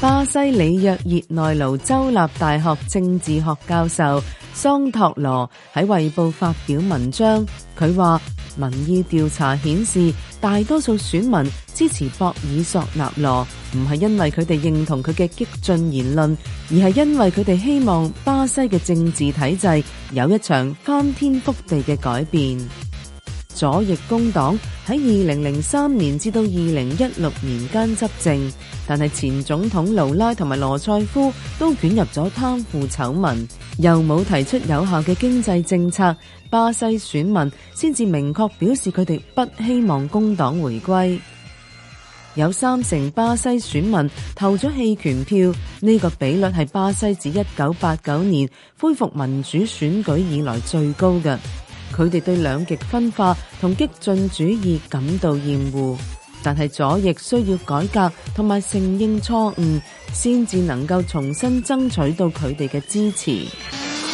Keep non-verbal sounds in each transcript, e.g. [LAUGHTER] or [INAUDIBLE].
巴西里約熱內盧州立大學政治學教授桑托羅喺《衛報》發表文章，佢話，民意調查顯示，大多數選民支持博爾索納羅，唔係因為佢哋認同佢嘅激進言論，而係因為佢哋希望巴西嘅政治體制有一場翻天覆地嘅改變。左翼工黨喺二零零三年至到二零一六年間執政，但係前總統盧拉同埋羅塞夫都捲入咗貪腐醜聞，又冇提出有效嘅經濟政策，巴西選民先至明確表示佢哋不希望工黨回歸。有三成巴西選民投咗棄權票，呢個比率係巴西自一九八九年恢復民主選舉以來最高嘅。佢哋對兩極分化同激進主義感到厭惡，但係左翼需要改革同埋承認錯誤，先至能夠重新爭取到佢哋嘅支持。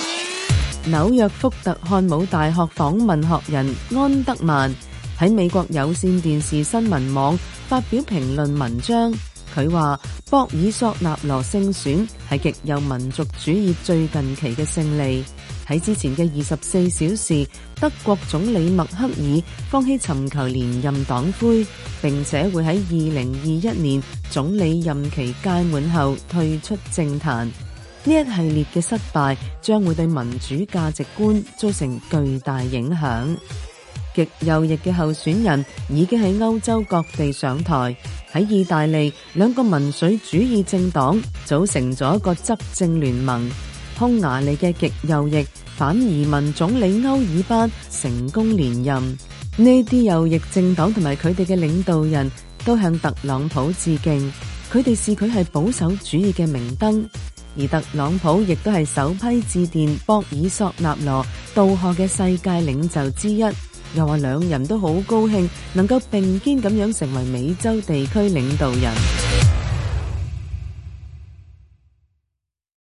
[MUSIC] 紐約福特漢姆大學訪問學人安得曼喺美國有線電視新聞網發表評論文章，佢話博爾索納羅勝選係極右民族主義最近期嘅勝利。喺之前嘅二十四小時，德國總理默克爾放棄尋求連任黨魁，並且會喺二零二一年總理任期屆滿後退出政壇。呢一系列嘅失敗將會對民主價值觀造成巨大影響。極右翼嘅候選人已經喺歐洲各地上台。喺意大利，兩個民粹主義政黨組成咗一個執政聯盟。匈牙利嘅極右翼反移民總理歐爾班成功連任，呢啲右翼政黨同埋佢哋嘅領導人都向特朗普致敬，佢哋視佢係保守主義嘅明燈，而特朗普亦都係首批致電博爾索納羅道賀嘅世界領袖之一，又話兩人都好高興能夠並肩咁樣成為美洲地區領導人。